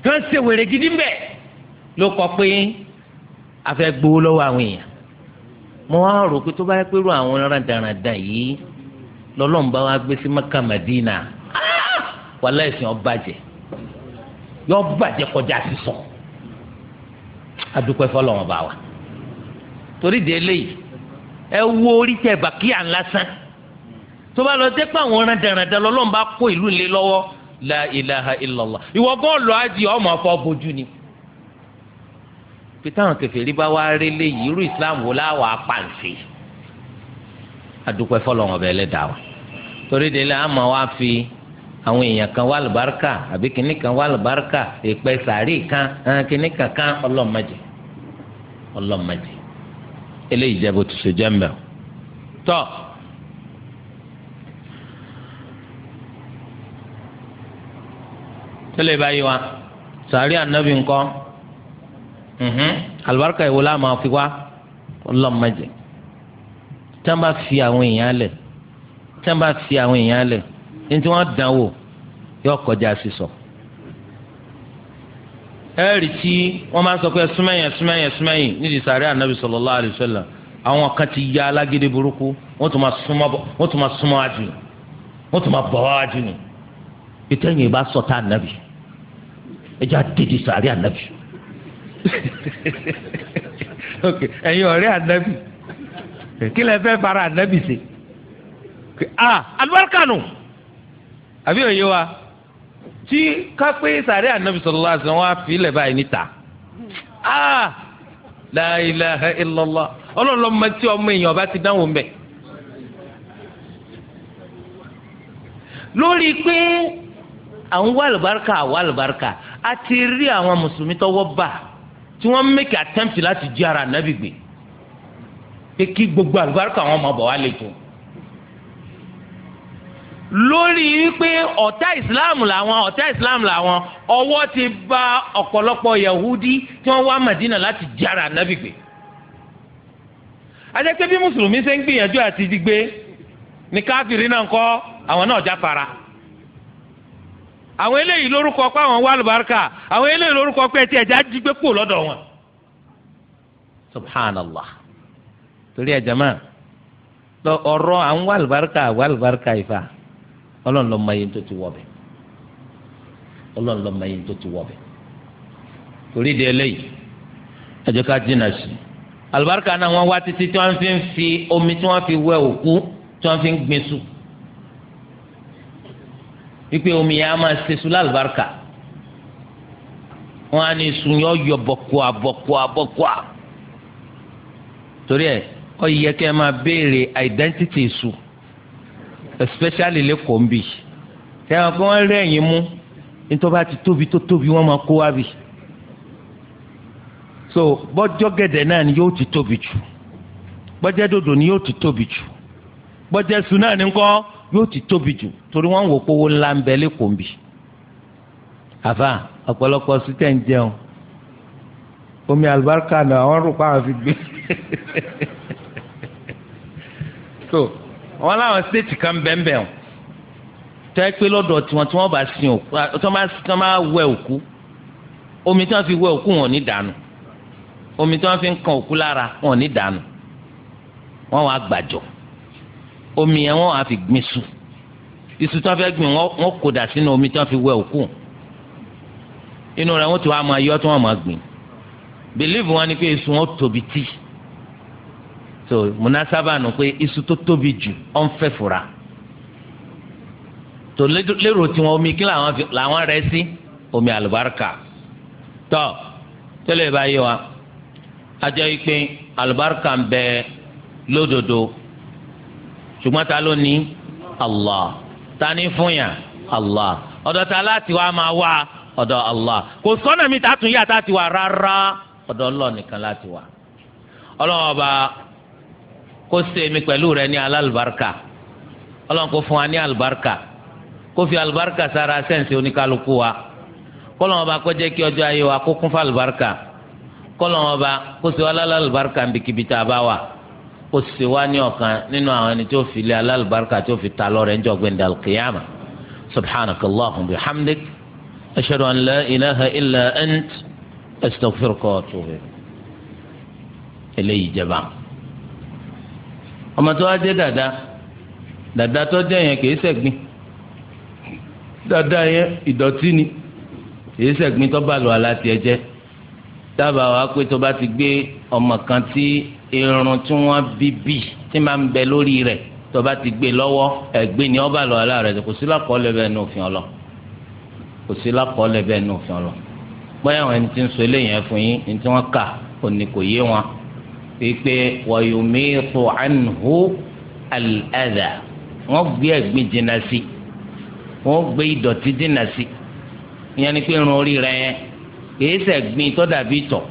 tí wọ́n ṣe wèrè gidi ń bẹ̀ ló kọ pé a fẹ́ gbowó lọ́wọ́ àwọn èèyàn mo wá rò pé tó bá yẹ pé irú àwọn rádaràdà yìí lọ́lọ́run bá wa gbé sí Mẹ́kà Mẹ́dínà wàhálà ẹ̀sìn ó bàjẹ́ yó bàjẹ́ kọjá sísọ. So adúpẹ́ fọlọ́wọ́n bá wa torí de eléyìí ẹ wo orí tẹ bàkíyà lásán tó bá lọ dé pé àwọn ọ̀ràn dẹ̀rẹ̀dẹ̀ lọ́lọ́run bá kó ìlú lé lọ́wọ́ la ilaha illallah ìwọ bọ́ọ̀lù adi ọmọ afọ bojú ni pété àwọn kèfèrí bá wá rí léyìí irú islam wò láwàá pàǹsì adúpẹ́ fọlọ́wọ́n bẹ́ẹ̀ lẹ́dàá wa torí de la ama wa fi àwọn èèyàn kan wà lùbáríkà àbí kìnnìkan wà lùbáríkà èèpẹ̀ sàárì kan kìnnìkan kan ọlọ́mọdé ọlọ́mọdé eléyìí jẹ́ bó ti ṣe jẹ́ mbẹ́ tọ́ tẹ́lẹ̀ báyìí wa sàárì ànábì ńkọ́ alibarika mhm. ìwo la máa fi wá ọlọ́mọdé tí wọ́n bá fi àwọn èèyàn lẹ̀ tí fi àwọn èèyàn lẹ̀ ní tí wọ́n dán wò sísọ. So ẹ̀rì tí wọ́n máa ń sọ pé súnmẹ́yìn súnmẹ́yìn súnmẹ́yìn nídìí sàárẹ̀ ànábì sallallahu alaihi wasallam àwọn kan ti ya alágídé burúkú wọ́n tún máa súnmọ́ wájú ni wọ́n tún máa bọ̀ wájú ni ìtẹ̀yìn ìbá sọ̀tà ànábì ẹjọ́ àdédì sàárẹ̀ ànábì ẹ̀yin ọ̀rẹ́ ànábì kí lẹ fẹ́ fara ànábì ṣe ah alùbáríkà nù àbí òye wa tí kápẹ́ sàrẹ́ ànábì sallallahu alaihi wasallam wá fílẹ̀ báyìí níta ah la ilaha illallah ọlọ́lọ́ mọ tí ọmọ èèyàn bá ti dánwò mbẹ́ lórí pé àwọn wà lùbáríkà wà lùbáríkà a ti rí àwọn mùsùlùmí tọwọ́ bá tí wọ́n mẹ́kì attempt láti jí ara ànábì gbé pé kí gbogbo àlùbáríkà wọn máa bọ̀ wá lè tó lórí wípé ọ̀tá islam làwọn ọ̀tá islam làwọn ọwọ́ ti bà ọ̀pọ̀lọpọ̀ yahudi tí wọ́n wá madina láti jára ànábì gbé ajẹ́pẹ́ bí mùsùlùmí ṣe ń gbìyànjú àti gbígbé ní káfíìrì náà ń kọ́ àwọn náà jáfara àwọn eléyìí lórúkọ pé àwọn wà lùbáríkà àwọn eléyìí lórúkọ pé ẹtì ẹja jígbé kú lọ́dọ̀ wọn. subhanallah torí ẹ jama ọ̀rọ̀ àwọn wà lùbáríkà wà lùbáríkà ìfà ọlọ́run ló mọ iye tó ti wọ̀ bẹ̀ ọlọ́run ló mọ iye tó ti wọ̀ torí di eléyìí ẹ ká jìnnà sí i àlùbáríkà náà wọ́n wá títí tí wọ́n fi ń fi omi tí wọ́n fi wẹ òkú tí wọ́n fi ń gbin sùn wípé omi yẹn á máa ṣe sùn lálùbáríkà wọ́n á ní sùn yọ yọ bọ̀kùà bọ̀kùà bọ̀kùà torí ẹ̀ ó yẹ kẹ́ ẹ máa béèrè identity sùn especially lẹ́kọ̀ọ́ ń bì sẹ́wọ̀n kí wọ́n rí ẹ̀yìn mú nítorí bá ti tóbi tó tóbi wọ́n máa kó wá bì so bọ́jọ́ gẹ̀dẹ̀ náà ni yóò ti tóbi jù bọ́jẹ́ dòdò ni yóò ti tóbi jù bọ́jẹ́ sùn náà ni ńkọ́ yóò ti tóbi jù torí wọ́n wò pówó ńlá ń bẹ lẹ́kọ̀ọ́ ń bì àfà ọ̀pọ̀lọpọ̀ ń jẹun omi àlùbáríkà náà wọ́n rò pé àwọn fi gbé so wọn láwọn stéètì kan bẹ́ẹ̀nbẹ́ẹ̀ o tẹ́ pé lọ́dọ̀ tiwọn tí wọ́n bá sin òkú tí wọ́n bá wẹ òkú omi tí wọ́n fi wẹ òkú wọn ò ní dànù omi tí wọ́n fi ń kan òkú lára wọn ò ní dànù wọ́n wàá gbàjọ omi yẹn wọ́n wàá fi gbin su iṣu tí wọ́n fẹ́ gbin wọ́n kó dà sínú omi tí wọ́n fi wẹ òkú inú rẹ̀ wọ́n ti wá máa yọ tí wọ́n máa gbin bìlíìfù wọn ni pé iṣu wọn tóbi tíì so munasaba nù pé iṣu tó tóbi jù ọ̀ ń fẹ́ fura tó lérò tiwọn omi kí làwọn rẹ̀ sí omi àlùbáríkà tọ́ tẹ́lẹ̀ bá yé wa ajẹ́ ìpín àlùbáríkà ń bẹ lódodo ṣùgbọ́n ta ló ní Allah ta ní fún yàn Allah ọ̀dọ̀ ta láti wá máa wá ọ̀dọ̀ Allah kò sọ́nà mi ta tún yà tá ti wà rárá ọ̀dọ̀ Allah nìkan láti wà ọlọ́wọ́ bá kó ṣe èmi pẹ̀lú rẹ ní alálùbáríkà ọlọ́run kó fún wa ní alùbáríkà kó fi alùbáríkà sára sẹ́ǹsì oníkálukú wa kọ́lọ́wọ́n bá kó jẹ́ kí ọjọ́ ayé wa kó kún fún alùbáríkà kọ́lọ́wọ́n bá kó ṣe wa lálùbáríkà níbikíbi bá wà kó ṣe wa ní ọ̀kan nínú àwọn ẹni tó fi lé alálùbáríkà tó fi ta lọ́rẹ̀ ńjọ́ gbẹ̀ndà kìyàmà subhanakallahumma wa atubu ọmọ tó wá dé dàda dàda tó dé yẹn kìí ṣẹ̀gbin dàda yẹn ìdọ̀tí ni kìí ṣẹ̀gbin tó bá lọ aláti ẹ jẹ́ dábàá wa pé tó bá ti gbé ọmọ kan tí irun tí wọ́n bí bì tí máa ń bẹ lórí rẹ̀ tó bá ti gbé lọ́wọ́ ẹ̀gbin ni ọba lọ aláàrẹ̀ kò sí lákọọ́lẹ̀ bẹ́ẹ̀ ní òfin ọlọ kò sí lákọọ́lẹ̀ bẹ́ẹ̀ ní òfin ọlọ bóyá àwọn ẹni tí ń sọ eléyìí ẹ fún yín ní tí wọ́n kà òní kò yé wọn pípé wọ̀yọ̀mí tó ànhó àlàdà wọ́n gbé ẹ̀gbin jìnnà sí wọ́n gbé ìdọ̀tí jìnnà sí ìyẹn ni pé irun orí rẹ yẹn kìí ṣẹ̀gbin tó dàbí tọ̀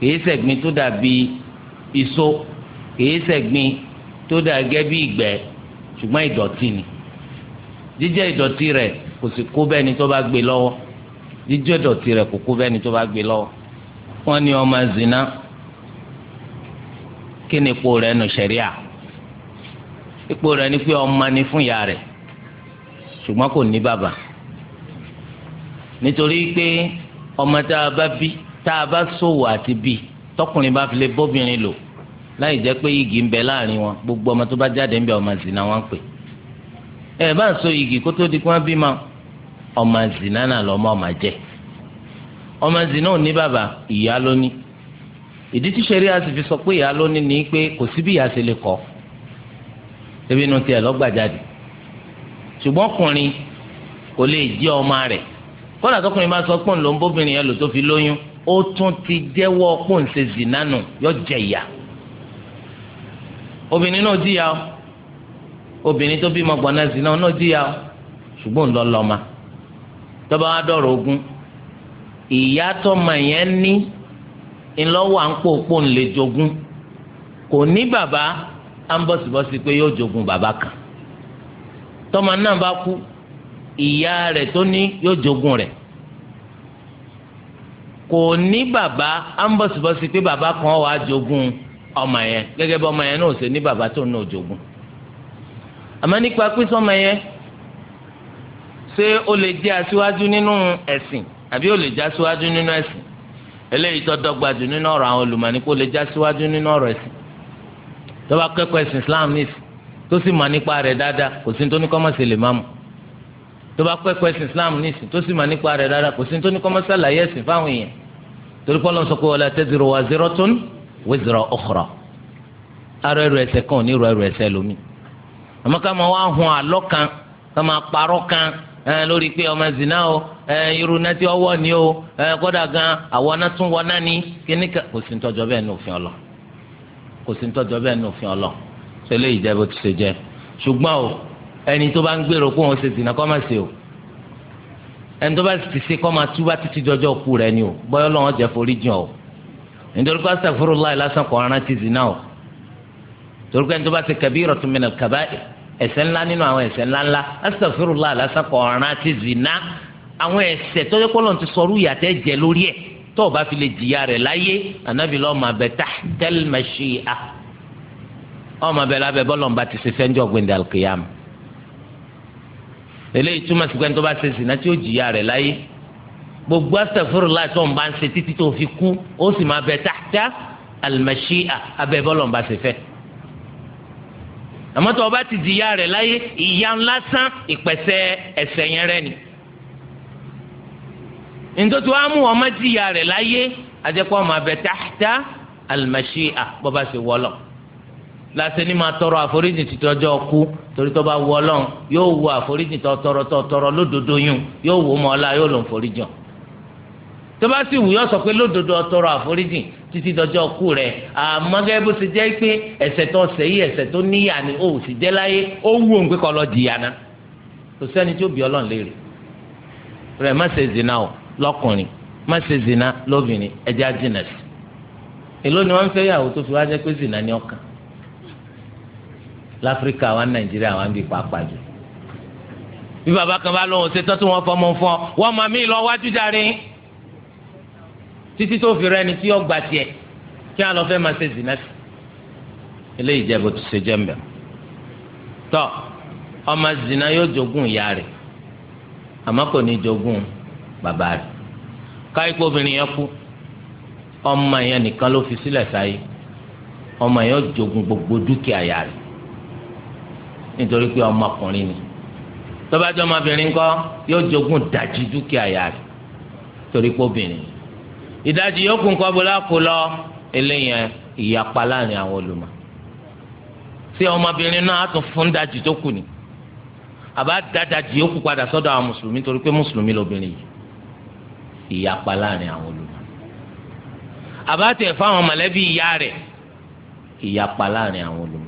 kìí ṣẹ̀gbin tó dàbí iṣó kìí ṣẹ̀gbin tó dàgẹ́ bí ìgbẹ́ ṣùgbọ́n ìdọ̀tí ni jíjẹ́ ìdọ̀tí rẹ̀ kò sì kó bẹ́ẹ̀ ni tó bá gbé lọ́wọ́ jíjẹ́ ìdọ̀tí rẹ̀ kò kó bẹ́ẹ̀ ni tó bá gbé lọ́wọ́ wọ́n ní ọmọ zina kí ni ipò rẹ̀ nù sẹ̀ríà ipò rẹ̀ ni pé ọmọ ni fún ìyá rẹ̀ ṣùgbọ́n kò ní bàbá nítorí pé ọmọ tá a bá bí tá a bá ṣòwò àti bí tọkùnrin bá fi lè bóbìnrin lò láì jẹ́ pé igi ń bẹ láàrin wọn gbogbo ọmọ tó bá jáde ń bẹ ọmọ zina wọn pè ẹ bá ń so igi kó tó di kí wọn bí ma ọmọ zina náà lọmọ ọmọ jẹ ọmọ zina ò ní bàbá ìyá ló ìdí tí sẹ́rí àti fi sọ pé ìyá lónìí ni pé kò sí bí ìyá ṣe lè kọ́ ebi inú tiẹ̀ lọ́gbàjáde ṣùgbọ́n ọkùnrin kò lè jẹ́ ọmọ rẹ̀ kọ́nà tọkùnrin bá sọ pé òun ló ń bóbìnrin yẹn lò tó fi lóyún ó tún ti jẹ́wọ́ pòǹsẹ̀ zinanu yọ jẹ ìyà obìnrin náà jìyà o obìnrin tó bímọ gbọ̀nà zina náà jìyà o ṣùgbọ́n ń lọ lọ́mọ tọ́ba wa dọ̀rọ̀ ogun ìyá tọ́mọ yẹn ní ńlọ́wọ́ à ń pò pò ń lè jogún kò ní bàbá à ń bọ̀sibọ́sí pé yóò jogún bàbá kan tọ́mọ náà bá kú ìyá rẹ̀ tó ní yóò jogún rẹ̀ kò ní bàbá à ń bọ̀sibọ́sí pé bàbá kan wàá jogún ọmọ yẹn gẹ́gẹ́ bí ọmọ yẹn náà ṣe ní bàbá tó náà jogún àmọ́ nípa pínsọ́ ọmọ yẹn ṣé ó lè jẹ́ aṣíwájú nínú ẹ̀sìn àbí ó lè jẹ́ aṣíwájú nínú ẹ̀sìn eléyìí tó dọ́gba jù nínú ọ̀rọ̀ àwọn olùmọ̀ọ́ni kó lè já síwájú nínú ọ̀rọ̀ ẹ̀sìn tó bá kẹ́kọ̀ọ́ ẹ̀sìn Islam ní ìsìn tó sì mọ̀ nípa rẹ̀ dáadáa kò sí ní tó ní kọ́ mọ̀ sí lè má mu tó bá kẹ́kọ̀ọ́ ẹ̀sìn Islam ní ìsìn tó sì mọ̀ nípa rẹ̀ dáadáa kò sí ní tó ní kọ́ ẹ̀sìn fáwọn èèyàn torí pé sọ pé wala taziru waziratun wizra ukhra arọ rọ ẹrù lórí pé ọmọ zina o irú náà tí ọwọ́ ni o kódà gan àwọn náà tún wọ náà ni kíníkà kò sí ntọ́jọ́ bẹ́ẹ̀ ní òfin ọlọ kò sí ntọ́jọ́ bẹ́ẹ̀ ní òfin ọlọ ṣe eléyìí jẹ́ bó ti ṣe jẹ́ ṣùgbọ́n o ẹni tó bá ń gbèrò kó wọn ṣe zina kọ́ máa ṣe o ẹni tó bá ti ṣe kọ́ máa túbá títí jọjọ́ kú rẹ ni o bọ́yọ́ lọ́wọ́ jẹ́ forí jìn o nítorí pé astaghfirullah lásán kọ́ arántí ẹ̀ṣẹ̀ ńlá nínú àwọn ẹ̀ṣẹ̀ ńlá ńlá astaghfirullah lásán kọ ọ̀ràn àti zina àwọn ẹ̀ṣẹ̀ tó yẹ kọlọ ti sọrú ìyàtẹ jẹ lórí ẹ tó o bá fi lè jìyà rẹ láyé ànábì lọ máa bẹ tahtal mashi'a ọmọ bẹ lábẹ bọlọmọba ti ṣe fẹjọ gbẹndẹ alqiyam eléyìí túmọ̀ sí pé tó bá ṣe zina tí ó jìyà rẹ láyé gbogbo astaghfirullah tó ń bá ń ṣe títí tó fi kú ó sì máa bẹ tahta al-mashi'a abẹ bọlọmọba ṣe fẹ́ àmọ́ tó o bá ti di ìyá rẹ̀ láyé ìyá ńlá sán ìpẹ̀sẹ̀ ẹ̀ṣẹ̀ yẹn rẹ̀ ni. nítorí wàá ọmọ ti ìyá rẹ̀ láyé àjẹpọ̀ ọmọ abẹ tahta al-mashi'a bọ́ba ṣe wọlọ̀ lásán ni máa tọrọ àforíjì títọ́jọ́ kú torí tó bá wọlọ́ yóò wo àforíjì tó tọrọ tó tọrọ lódodo yún yóò wò mọ́ ọ́lá yóò lòun foríjì tó bá sì wù yọ sọ pé lódodo ọtọrọ títí dọjọ́ kú rẹ̀ àmọ́gẹ́ bó ṣe jẹ́ pé ẹ̀ṣẹ̀ tó ṣe yìí ẹ̀ṣẹ̀ tó níyà ni ó sì jẹ́ láyé ó wù òun pé kọ́ lọ jìyà kò sẹ́ni tí ó bí ọlọ́run léèrè rẹ̀ má ṣe zina o lọ́kùnrin má ṣe zina lóbìnrin ẹ̀jẹ̀ àjìnà sí èló ni wọ́n ń fẹ́ yàwó tó fi wá jẹ́ pé zina ní ọkàn láfíríkà wa nàìjíríà wa ń bí pàápàá jù bí bàbá kan bá lóun ṣe tọ́tún wọn fọmọ fọ wọn mọ mí lọ wájú járe títí tó fi rẹ́ni tí ó gba tiẹ̀ kí á lọ fẹ́ máa ṣe zina sí. eléyìí jẹ́ bó ti ṣe jẹ́ mbẹ́. tọ́ ọmọ zina yóò jogún ìyá rẹ̀ àmọ́ kò ní jogún bàbá rẹ̀. káyipọ̀ obìnrin yẹn kú ọmọ yẹn nìkan ló fi sílẹ̀ sáyé ọmọ yẹn jogún gbogbo dúkìá ìyá rẹ̀ nítorí pé ọmọkùnrin ni tọ́bajọ́ ọmọbìnrin kọ́ yóò jogún dàjí dúkìá ìyá rẹ̀ torí pé obìnrin ni ìdajì yòókù nǹkan bó lákò lọ eléyẹn ìyapa láàrin àwọn olùmọ̀ tí ọmọbìnrin náà á tún fún dajì tó kù ni àbá dadajì yòókù padà sọ́dọ̀ àwọn mùsùlùmí torí pé mùsùlùmí lobìnrin yìí ìyapa láàrin àwọn olùmọ̀ àbá tẹ̀ fáwọn mọ̀lẹ́bí ìyá rẹ̀ ìyapa láàrin àwọn olùmọ̀.